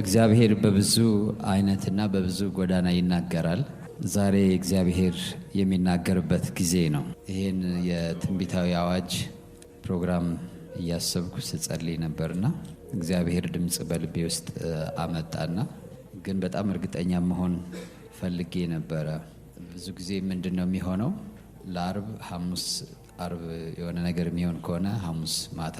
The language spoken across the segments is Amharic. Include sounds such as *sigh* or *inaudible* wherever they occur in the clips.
እግዚአብሔር በብዙ አይነትና በብዙ ጎዳና ይናገራል። ዛሬ እግዚአብሔር የሚናገርበት ጊዜ ነው። ይህን የትንቢታዊ አዋጅ ፕሮግራም እያሰብኩ ስጸልይ ነበርና እግዚአብሔር ድምፅ በልቤ ውስጥ አመጣና ግን በጣም እርግጠኛ መሆን ፈልጌ ነበረ። ብዙ ጊዜ ምንድን ነው የሚሆነው? ለአርብ ሐሙስ አርብ የሆነ ነገር የሚሆን ከሆነ ሐሙስ ማታ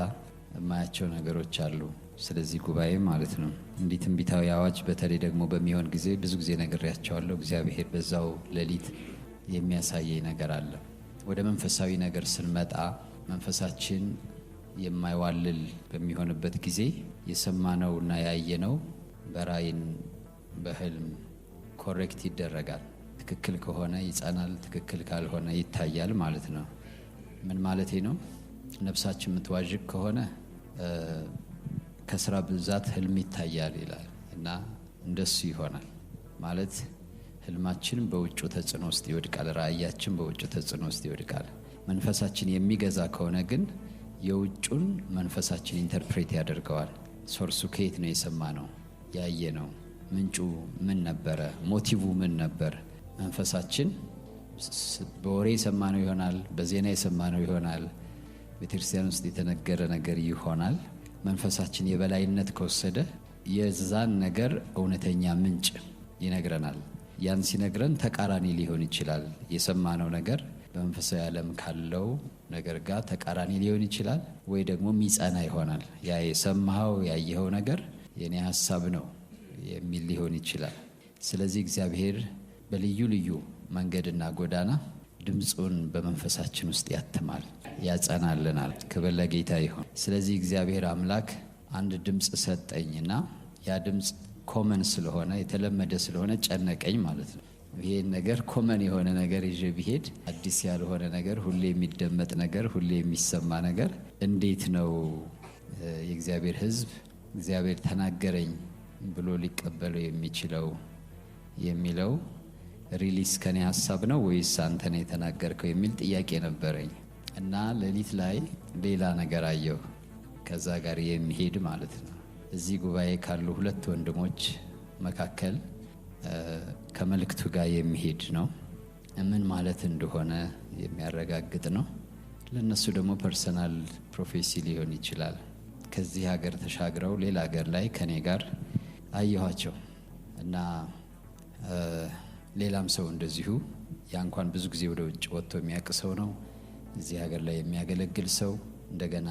የማያቸው ነገሮች አሉ። ስለዚህ ጉባኤ ማለት ነው። እንዲህ ትንቢታዊ አዋጅ በተለይ ደግሞ በሚሆን ጊዜ ብዙ ጊዜ ነግሬያቸዋለሁ። እግዚአብሔር በዛው ሌሊት የሚያሳየኝ ነገር አለ። ወደ መንፈሳዊ ነገር ስንመጣ መንፈሳችን የማይዋልል በሚሆንበት ጊዜ የሰማነው እና ያየነው በራይን በህልም ኮሬክት ይደረጋል። ትክክል ከሆነ ይጸናል፣ ትክክል ካልሆነ ይታያል ማለት ነው። ምን ማለቴ ነው? ነፍሳችን የምትዋዥቅ ከሆነ ከስራ ብዛት ህልም ይታያል ይላል እና እንደሱ ይሆናል ማለት ህልማችን በውጭ ተጽዕኖ ውስጥ ይወድቃል። ራእያችን በውጭ ተጽዕኖ ውስጥ ይወድቃል። መንፈሳችን የሚገዛ ከሆነ ግን የውጩን መንፈሳችን ኢንተርፕሬት ያደርገዋል። ሶርሱ ከየት ነው የሰማ ነው ያየ ነው ምንጩ ምን ነበረ? ሞቲቭ ምን ነበር? መንፈሳችን በወሬ የሰማነው ይሆናል፣ በዜና የሰማነው ይሆናል፣ ቤተክርስቲያን ውስጥ የተነገረ ነገር ይሆናል። መንፈሳችን የበላይነት ከወሰደ የዛን ነገር እውነተኛ ምንጭ ይነግረናል። ያን ሲነግረን ተቃራኒ ሊሆን ይችላል። የሰማነው ነገር በመንፈሳዊ ዓለም ካለው ነገር ጋር ተቃራኒ ሊሆን ይችላል፣ ወይ ደግሞ ሚጸና ይሆናል። ያ የሰማኸው ያየኸው ነገር የኔ ሀሳብ ነው የሚል ሊሆን ይችላል። ስለዚህ እግዚአብሔር በልዩ ልዩ መንገድና ጎዳና ድምፁን በመንፈሳችን ውስጥ ያትማል፣ ያጸናልናል። ክብር ለጌታ ይሁን። ስለዚህ እግዚአብሔር አምላክ አንድ ድምፅ ሰጠኝና ያ ድምፅ ኮመን ስለሆነ የተለመደ ስለሆነ ጨነቀኝ ማለት ነው። ይሄን ነገር ኮመን የሆነ ነገር ይዤ ብሄድ አዲስ ያልሆነ ነገር፣ ሁሌ የሚደመጥ ነገር፣ ሁሌ የሚሰማ ነገር እንዴት ነው የእግዚአብሔር ሕዝብ እግዚአብሔር ተናገረኝ ብሎ ሊቀበለው የሚችለው የሚለው ሪሊስ ከኔ ሀሳብ ነው ወይስ አንተ ነው የተናገርከው የሚል ጥያቄ ነበረኝ እና ሌሊት ላይ ሌላ ነገር አየሁ ከዛ ጋር የሚሄድ ማለት ነው። እዚህ ጉባኤ ካሉ ሁለት ወንድሞች መካከል ከመልእክቱ ጋር የሚሄድ ነው። ምን ማለት እንደሆነ የሚያረጋግጥ ነው። ለእነሱ ደግሞ ፐርሰናል ፕሮፌሲ ሊሆን ይችላል። ከዚህ ሀገር ተሻግረው ሌላ ሀገር ላይ ከኔ ጋር አየኋቸው እና ሌላም ሰው እንደዚሁ ያ እንኳን ብዙ ጊዜ ወደ ውጭ ወጥቶ የሚያውቅ ሰው ነው። እዚህ ሀገር ላይ የሚያገለግል ሰው እንደገና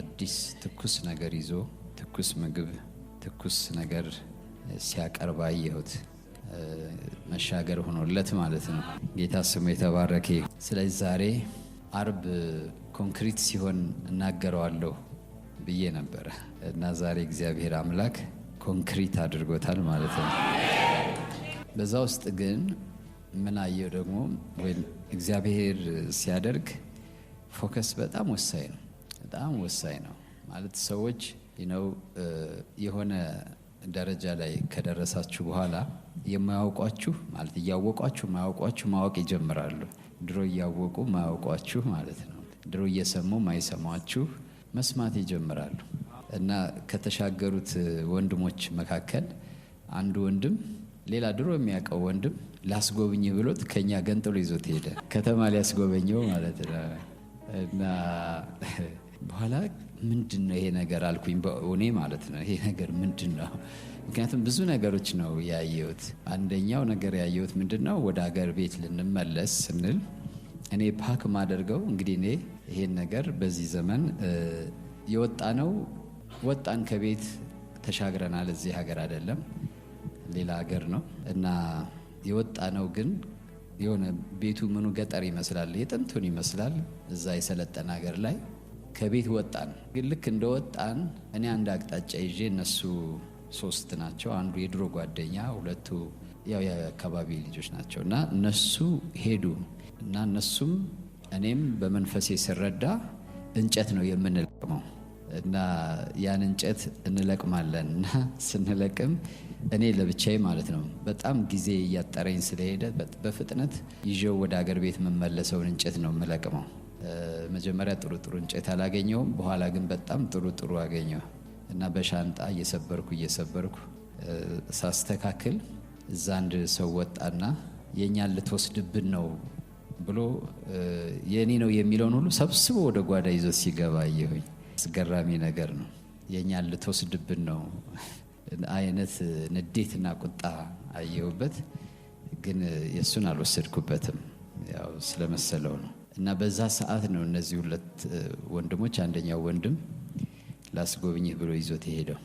አዲስ ትኩስ ነገር ይዞ ትኩስ ምግብ፣ ትኩስ ነገር ሲያቀርባ አየሁት። መሻገር ሆኖለት ማለት ነው። ጌታ ስሙ የተባረከ። ስለዚህ ዛሬ አርብ ኮንክሪት ሲሆን እናገረዋለሁ ብዬ ነበረ እና ዛሬ እግዚአብሔር አምላክ ኮንክሪት አድርጎታል ማለት ነው። በዛ ውስጥ ግን ምናየው ደግሞ ወይም እግዚአብሔር ሲያደርግ ፎከስ በጣም ወሳኝ ነው። በጣም ወሳኝ ነው ማለት ሰዎች ነው የሆነ ደረጃ ላይ ከደረሳችሁ በኋላ የማያውቋችሁ ማለት እያወቋችሁ ማያውቋችሁ ማወቅ ይጀምራሉ። ድሮ እያወቁ ማያውቋችሁ ማለት ነው። ድሮ እየሰሙ ማይሰማችሁ መስማት ይጀምራሉ። እና ከተሻገሩት ወንድሞች መካከል አንዱ ወንድም ሌላ ድሮ የሚያውቀው ወንድም ላስጎብኝ ብሎት ከኛ ገንጥሎ ይዞት ሄደ። ከተማ ሊያስጎበኘው ማለት ነው። እና በኋላ ምንድን ነው ይሄ ነገር አልኩኝ፣ በእኔ ማለት ነው። ይሄ ነገር ምንድን ነው? ምክንያቱም ብዙ ነገሮች ነው ያየሁት። አንደኛው ነገር ያየሁት ምንድን ነው፣ ወደ ሀገር ቤት ልንመለስ ስንል እኔ ፓክ ማደርገው እንግዲህ እኔ ይሄን ነገር በዚህ ዘመን የወጣ ነው። ወጣን ከቤት ተሻግረናል። እዚህ ሀገር አይደለም ሌላ ሀገር ነው እና የወጣ ነው ግን የሆነ ቤቱ ምኑ ገጠር ይመስላል፣ የጥንቱን ይመስላል። እዛ የሰለጠነ ሀገር ላይ ከቤት ወጣን። ግን ልክ እንደ ወጣን እኔ አንድ አቅጣጫ ይዤ እነሱ ሶስት ናቸው። አንዱ የድሮ ጓደኛ፣ ሁለቱ ያው የአካባቢ ልጆች ናቸው እና እነሱ ሄዱ እና እነሱም እኔም በመንፈሴ ስረዳ እንጨት ነው የምንለቅመው እና ያን እንጨት እንለቅማለን እና ስንለቅም እኔ ለብቻዬ ማለት ነው። በጣም ጊዜ እያጠረኝ ስለሄደ በፍጥነት ይዤው ወደ አገር ቤት የምመለሰውን እንጨት ነው የምለቅመው። መጀመሪያ ጥሩ ጥሩ እንጨት አላገኘውም። በኋላ ግን በጣም ጥሩ ጥሩ አገኘው እና በሻንጣ እየሰበርኩ እየሰበርኩ ሳስተካክል እዛ አንድ ሰው ወጣና የእኛን ልትወስድብን ነው ብሎ የእኔ ነው የሚለውን ሁሉ ሰብስቦ ወደ ጓዳ ይዞት ሲገባ አየሁኝ። አስገራሚ ነገር ነው። የእኛን ልትወስድብን ነው አይነት ንዴትና ቁጣ አየሁበት። ግን የእሱን አልወሰድኩበትም፣ ያው ስለመሰለው ነው። እና በዛ ሰዓት ነው እነዚህ ሁለት ወንድሞች አንደኛው ወንድም ላስጎብኝህ ብሎ ይዞት የሄደው።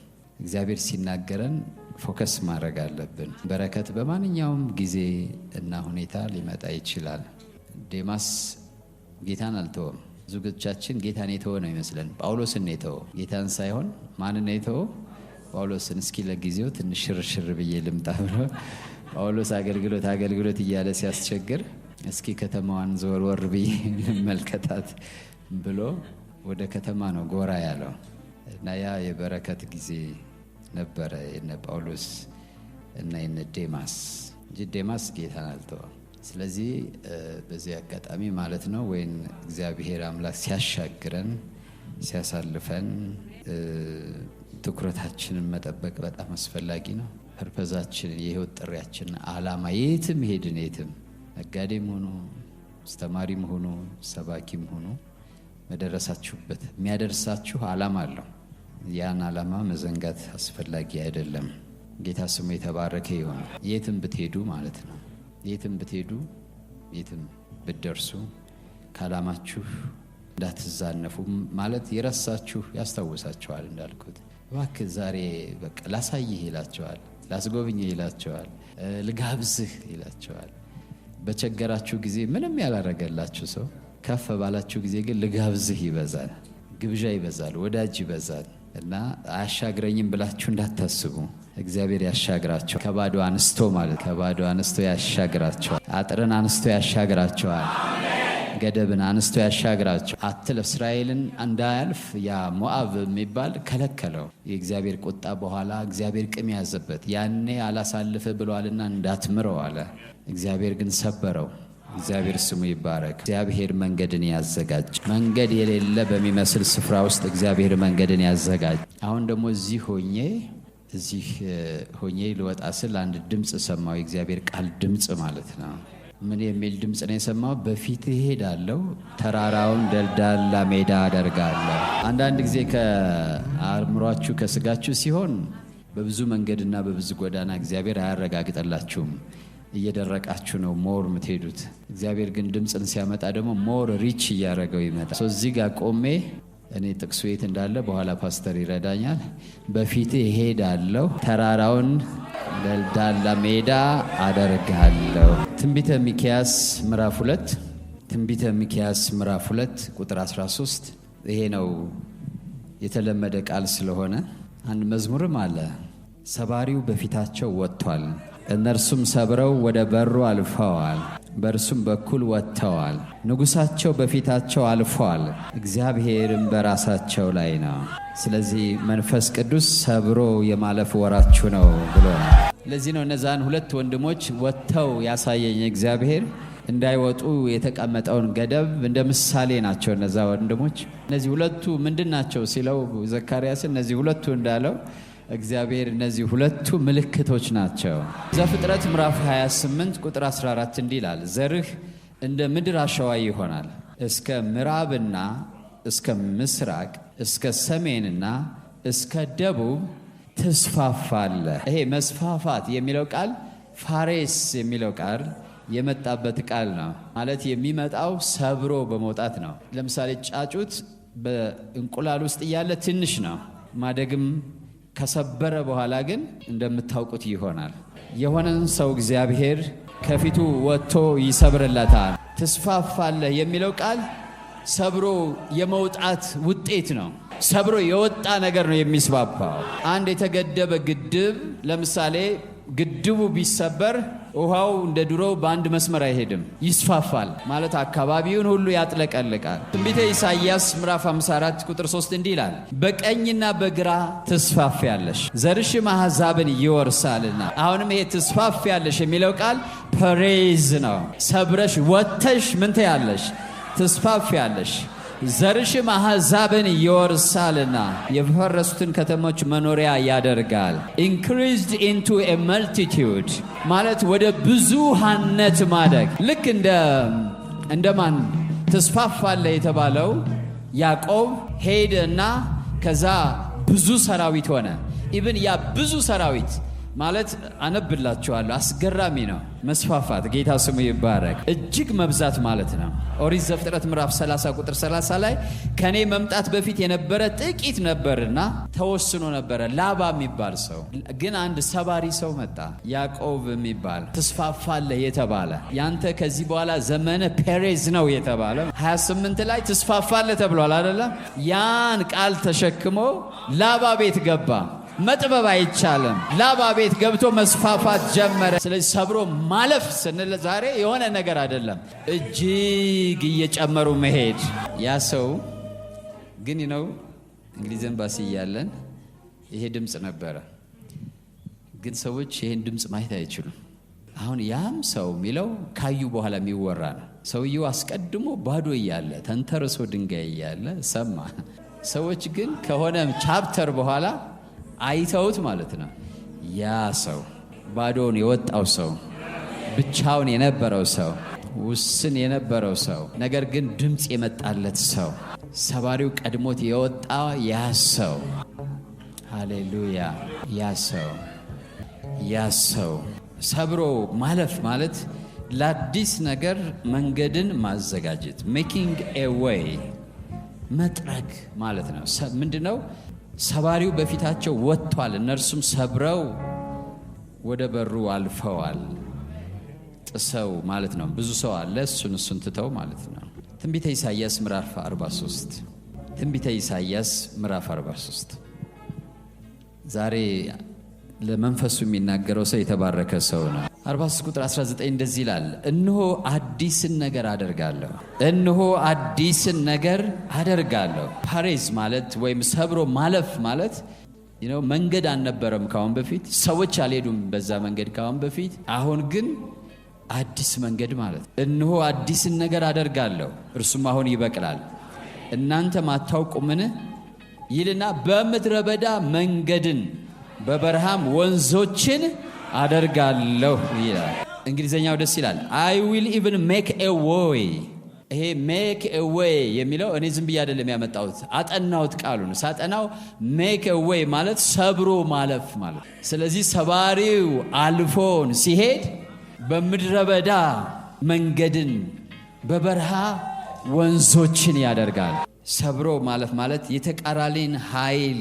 እግዚአብሔር ሲናገረን ፎከስ ማድረግ አለብን። በረከት በማንኛውም ጊዜ እና ሁኔታ ሊመጣ ይችላል። ዴማስ ጌታን አልተወም። ብዙዎቻችን ጌታን የተወ ነው ይመስለን። ጳውሎስን የተወ ጌታን ሳይሆን ማንን የተወ ጳውሎስን እስኪ ለጊዜው ትንሽ ሽርሽር ብዬ ልምጣ ብሎ ጳውሎስ አገልግሎት አገልግሎት እያለ ሲያስቸግር እስኪ ከተማዋን ወር ብዬ ልመልከታት ብሎ ወደ ከተማ ነው ጎራ ያለው እና ያ የበረከት ጊዜ ነበረ የነ ጳውሎስ እና የነ ዴማስ እንጂ ዴማስ ጌታን አልተወም። ስለዚህ በዚህ አጋጣሚ ማለት ነው ወይን እግዚአብሔር አምላክ ሲያሻግረን ሲያሳልፈን ትኩረታችንን መጠበቅ በጣም አስፈላጊ ነው። ፐርፐዛችንን የህይወት ጥሪያችንን አላማ የትም ሄድን የትም ነጋዴም ሆኖ አስተማሪም ሆኖ ሰባኪም ሆኖ መደረሳችሁበት የሚያደርሳችሁ አላማ አለው። ያን አላማ መዘንጋት አስፈላጊ አይደለም። ጌታ ስሙ የተባረከ ይሆን። የትም ብትሄዱ ማለት ነው የትም ብትሄዱ የትም ብትደርሱ ከአላማችሁ እንዳትዛነፉ ማለት የረሳችሁ ያስታውሳችኋል እንዳልኩት እባክህ ዛሬ በቃ ላሳይህ ይላቸዋል፣ ላስጎብኝህ ይላቸዋል፣ ልጋብዝህ ይላቸዋል። በቸገራችሁ ጊዜ ምንም ያላረገላችሁ ሰው ከፍ ባላችሁ ጊዜ ግን ልጋብዝህ ይበዛል፣ ግብዣ ይበዛል፣ ወዳጅ ይበዛል። እና አያሻግረኝም ብላችሁ እንዳታስቡ። እግዚአብሔር ያሻግራቸዋል። ከባዶ አንስቶ ማለት ከባዶ አንስቶ ያሻግራቸዋል። አጥርን አንስቶ ያሻግራቸዋል። ገደብን አንስቶ ያሻግራቸው አትል እስራኤልን እንዳያልፍ ያ ሞአብ የሚባል ከለከለው። የእግዚአብሔር ቁጣ በኋላ እግዚአብሔር ቅም ያዘበት። ያኔ አላሳልፍ ብሏልና እንዳትምረው አለ። እግዚአብሔር ግን ሰበረው። እግዚአብሔር ስሙ ይባረክ። እግዚአብሔር መንገድን ያዘጋጅ። መንገድ የሌለ በሚመስል ስፍራ ውስጥ እግዚአብሔር መንገድን ያዘጋጅ። አሁን ደግሞ እዚህ ሆኜ እዚህ ሆኜ ልወጣ ስል አንድ ድምፅ ሰማው የእግዚአብሔር ቃል ድምፅ ማለት ነው። ምን የሚል ድምፅ ነው የሰማው? በፊት እሄዳለሁ፣ ተራራውን ደልዳላ ሜዳ አደርጋለሁ። አንዳንድ ጊዜ ከአእምሯችሁ ከስጋችሁ ሲሆን በብዙ መንገድና በብዙ ጎዳና እግዚአብሔር አያረጋግጠላችሁም። እየደረቃችሁ ነው ሞር የምትሄዱት። እግዚአብሔር ግን ድምፅን ሲያመጣ ደግሞ ሞር ሪች እያደረገው ይመጣል። እዚህ ጋር ቆሜ እኔ ጥቅሱ የት እንዳለ በኋላ ፓስተር ይረዳኛል። በፊት እሄዳለሁ ተራራውን ደልዳላ ሜዳ አደርጋለሁ። ትንቢተ ሚኪያስ ምዕራፍ 2 ትንቢተ ሚኪያስ ምዕራፍ 2 ቁጥር 13 ይሄ ነው የተለመደ ቃል ስለሆነ አንድ መዝሙርም አለ ሰባሪው በፊታቸው ወጥቷል፣ እነርሱም ሰብረው ወደ በሩ አልፈዋል፣ በእርሱም በኩል ወጥተዋል። ንጉሳቸው በፊታቸው አልፏል፣ እግዚአብሔርም በራሳቸው ላይ ነው። ስለዚህ መንፈስ ቅዱስ ሰብሮ የማለፍ ወራችሁ ነው ብሎ ነው። ለዚህ ነው እነዛን ሁለት ወንድሞች ወጥተው ያሳየኝ እግዚአብሔር እንዳይወጡ የተቀመጠውን ገደብ እንደ ምሳሌ ናቸው። እነዛ ወንድሞች እነዚህ ሁለቱ ምንድን ናቸው ሲለው ዘካርያስ እነዚህ ሁለቱ እንዳለው እግዚአብሔር እነዚህ ሁለቱ ምልክቶች ናቸው። ዘፍጥረት ምዕራፍ 28 ቁጥር 14 እንዲህ ይላል፣ ዘርህ እንደ ምድር አሸዋ ይሆናል፣ እስከ ምዕራብና እስከ ምስራቅ እስከ ሰሜንና እስከ ደቡብ ትስፋፋለህ። ይሄ መስፋፋት የሚለው ቃል ፋሬስ የሚለው ቃል የመጣበት ቃል ነው። ማለት የሚመጣው ሰብሮ በመውጣት ነው። ለምሳሌ ጫጩት በእንቁላል ውስጥ እያለ ትንሽ ነው። ማደግም ከሰበረ በኋላ ግን እንደምታውቁት ይሆናል። የሆነን ሰው እግዚአብሔር ከፊቱ ወጥቶ ይሰብርለታል። ትስፋፋለህ የሚለው ቃል ሰብሮ የመውጣት ውጤት ነው። ሰብሮ የወጣ ነገር ነው የሚስፋፋው አንድ የተገደበ ግድብ ለምሳሌ ግድቡ ቢሰበር ውሃው እንደ ድሮው በአንድ መስመር አይሄድም፣ ይስፋፋል ማለት አካባቢውን ሁሉ ያጥለቀልቃል። ትንቢተ ኢሳይያስ ምዕራፍ 54 ቁጥር 3 እንዲህ ይላል፣ በቀኝና በግራ ትስፋፊያለሽ ዘርሽም አሕዛብን ይወርሳልና። አሁንም ይሄ ትስፋፊያለሽ የሚለው ቃል ፐሬዝ ነው። ሰብረሽ ወጥተሽ ምን ትያለሽ? ትስፋፊያለሽ ዘርሽም አሕዛብን ይወርሳልና የፈረሱትን ከተሞች መኖሪያ ያደርጋል። ኢንክሪዝድ ኢንቱ ኤ መልቲቲዩድ ማለት ወደ ብዙሃነት ማደግ ልክ እንደ እንደማን ተስፋፋለ የተባለው ያዕቆብ ሄደና ከዛ ብዙ ሰራዊት ሆነ። ኢብን ያ ብዙ ሰራዊት ማለት አነብላችኋለሁ። አስገራሚ ነው። መስፋፋት ጌታ ስሙ ይባረክ። እጅግ መብዛት ማለት ነው። ኦሪት ዘፍጥረት ምዕራፍ 30 ቁጥር 30 ላይ ከኔ መምጣት በፊት የነበረ ጥቂት ነበርና ተወስኖ ነበረ። ላባ የሚባል ሰው ግን አንድ ሰባሪ ሰው መጣ። ያዕቆብ የሚባል ትስፋፋለህ የተባለ ያንተ ከዚህ በኋላ ዘመነ ፔሬዝ ነው የተባለ 28 ላይ ትስፋፋለህ ተብሏል አይደለም? ያን ቃል ተሸክሞ ላባ ቤት ገባ። መጥበብ አይቻልም። ላባ ቤት ገብቶ መስፋፋት ጀመረ። ስለዚህ ሰብሮ ማለፍ ስንል ዛሬ የሆነ ነገር አይደለም፣ እጅግ እየጨመሩ መሄድ። ያ ሰው ግን ነው እንግሊዝ ኤምባሲ እያለን ይሄ ድምፅ ነበረ። ግን ሰዎች ይህን ድምፅ ማየት አይችሉም። አሁን ያም ሰው የሚለው ካዩ በኋላ የሚወራ ነው። ሰውየው አስቀድሞ ባዶ እያለ ተንተርሶ ድንጋይ እያለ ሰማ። ሰዎች ግን ከሆነ ቻፕተር በኋላ አይተውት ማለት ነው። ያ ሰው ባዶውን የወጣው ሰው ብቻውን የነበረው ሰው ውስን የነበረው ሰው ነገር ግን ድምፅ የመጣለት ሰው ሰባሪው ቀድሞት የወጣ ያ ሰው ሃሌሉያ ያ ሰው ያ ሰው ሰብሮ ማለፍ ማለት ለአዲስ ነገር መንገድን ማዘጋጀት ሜኪንግ ኤ ዌይ መጥረግ ማለት ነው። ምንድን ነው? ሰባሪው በፊታቸው ወጥቷል፣ እነርሱም ሰብረው ወደ በሩ አልፈዋል። ጥሰው ማለት ነው። ብዙ ሰው አለ፣ እሱን እሱን ትተው ማለት ነው። ትንቢተ ኢሳያስ ምዕራፍ 43 ትንቢተ ኢሳያስ ምዕራፍ 43 ዛሬ ለመንፈሱ የሚናገረው ሰው የተባረከ ሰው ነው። 43 ቁጥር 19 እንደዚህ ይላል፣ እነሆ አዲስን ነገር አደርጋለሁ፣ እነሆ አዲስን ነገር አደርጋለሁ። ፓሬዝ ማለት ወይም ሰብሮ ማለፍ ማለት ነው። መንገድ አልነበረም ካሁን በፊት ሰዎች አልሄዱም በዛ መንገድ ካሁን በፊት አሁን ግን አዲስ መንገድ ማለት እነሆ አዲስን ነገር አደርጋለሁ፣ እርሱም አሁን ይበቅላል፣ እናንተም አታውቁምን ይልና በምድረ በዳ መንገድን በበረሃም ወንዞችን አደርጋለሁ ይላል። እንግሊዝኛው ደስ ይላል። አይ ዊል ኢቭን ሜክ ኤ ይሄ ሜክ ኤ ዌይ የሚለው እኔ ዝም ብዬ አይደለም ያመጣሁት፣ አጠናሁት ቃሉን ሳጠናው፣ ሜክ ኤ ዌይ ማለት ሰብሮ ማለፍ ማለት። ስለዚህ ሰባሪው አልፎን ሲሄድ በምድረ በዳ መንገድን በበረሃ ወንዞችን ያደርጋል። ሰብሮ ማለፍ ማለት የተቃራኒን ኃይል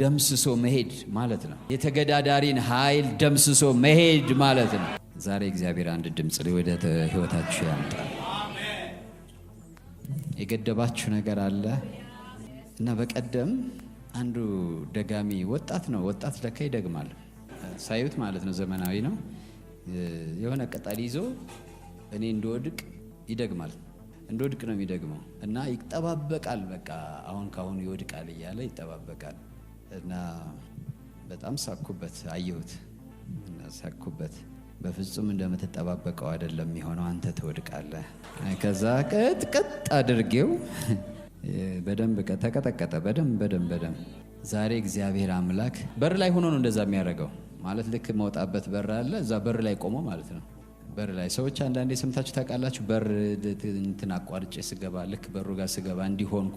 ደምስሶ መሄድ ማለት ነው። የተገዳዳሪን ኃይል ደምስሶ መሄድ ማለት ነው። ዛሬ እግዚአብሔር አንድ ድምፅ ወደ ህይወታችሁ ያምጣል። የገደባችሁ ነገር አለ እና በቀደም አንዱ ደጋሚ ወጣት ነው። ወጣት ለካ ይደግማል ሳዩት ማለት ነው። ዘመናዊ ነው። የሆነ ቅጠል ይዞ እኔ እንደወድቅ ይደግማል እንደወድቅ ነው የሚደግመው እና ይጠባበቃል። በቃ አሁን ካሁኑ ይወድቃል እያለ ይጠባበቃል። እና በጣም ሳኩበት፣ አየሁት እና ሳኩበት። በፍጹም እንደምትጠባበቀው አይደለም የሆነው፣ አንተ ትወድቃለህ። ከዛ ቅጥቅጥ አድርጌው በደንብ ተቀጠቀጠ። በደንብ በደንብ በደንብ ዛሬ እግዚአብሔር አምላክ በር ላይ ሆኖ ነው እንደዛ የሚያደርገው። ማለት ልክ መውጣበት በር አለ፣ እዛ በር ላይ ቆሞ ማለት ነው። በር ላይ ሰዎች አንዳንዴ ሰምታችሁ ታውቃላችሁ። በር እንትን አቋርጬ ስገባ ልክ በሩ ጋር ስገባ እንዲሆንኩ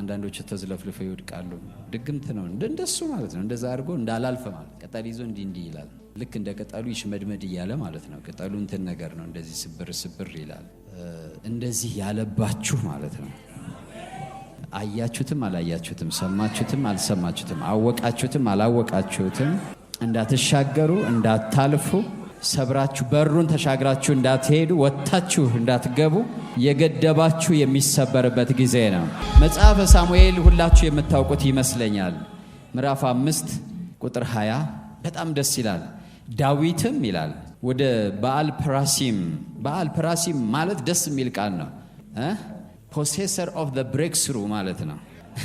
አንዳንዶች ተዝለፍልፈው ይወድቃሉ። ድግምት ነው እንደሱ ማለት ነው። እንደዛ አድርጎ እንዳላልፈ ማለት ቅጠል ይዞ እንዲህ እንዲህ ይላል። ልክ እንደ ቅጠሉ ይሽመድመድ እያለ ማለት ነው። ቅጠሉ እንትን ነገር ነው። እንደዚህ ስብር ስብር ይላል። እንደዚህ ያለባችሁ ማለት ነው። አያችሁትም አላያችሁትም፣ ሰማችሁትም አልሰማችሁትም፣ አወቃችሁትም አላወቃችሁትም፣ እንዳትሻገሩ እንዳታልፉ ሰብራችሁ በሩን ተሻግራችሁ እንዳትሄዱ ወጥታችሁ እንዳትገቡ የገደባችሁ የሚሰበርበት ጊዜ ነው። መጽሐፈ ሳሙኤል ሁላችሁ የምታውቁት ይመስለኛል። ምዕራፍ አምስት ቁጥር 20 በጣም ደስ ይላል። ዳዊትም ይላል ወደ በአል ፕራሲም በአል ፕራሲም ማለት ደስ የሚል ቃል ነው። ፖሴሰር ኦፍ ዘ ብሬክስሩ ማለት ነው። *laughs*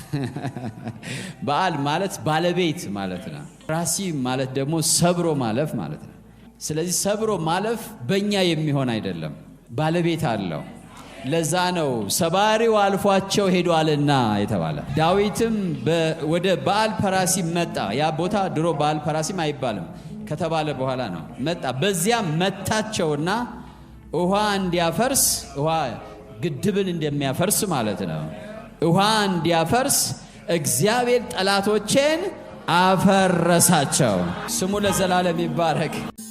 በአል ማለት ባለቤት ማለት ነው። ፕራሲም ማለት ደግሞ ሰብሮ ማለፍ ማለት ነው። ስለዚህ ሰብሮ ማለፍ በእኛ የሚሆን አይደለም፣ ባለቤት አለው። ለዛ ነው ሰባሪው አልፏቸው ሄዷልና የተባለ። ዳዊትም ወደ በዓል ፐራሲም መጣ። ያ ቦታ ድሮ በዓል ፐራሲም አይባልም ከተባለ በኋላ ነው መጣ። በዚያም መታቸውና ውሃ እንዲያፈርስ ውሃ ግድብን እንደሚያፈርስ ማለት ነው። ውሃ እንዲያፈርስ እግዚአብሔር ጠላቶቼን አፈረሳቸው። ስሙ ለዘላለም ይባረክ።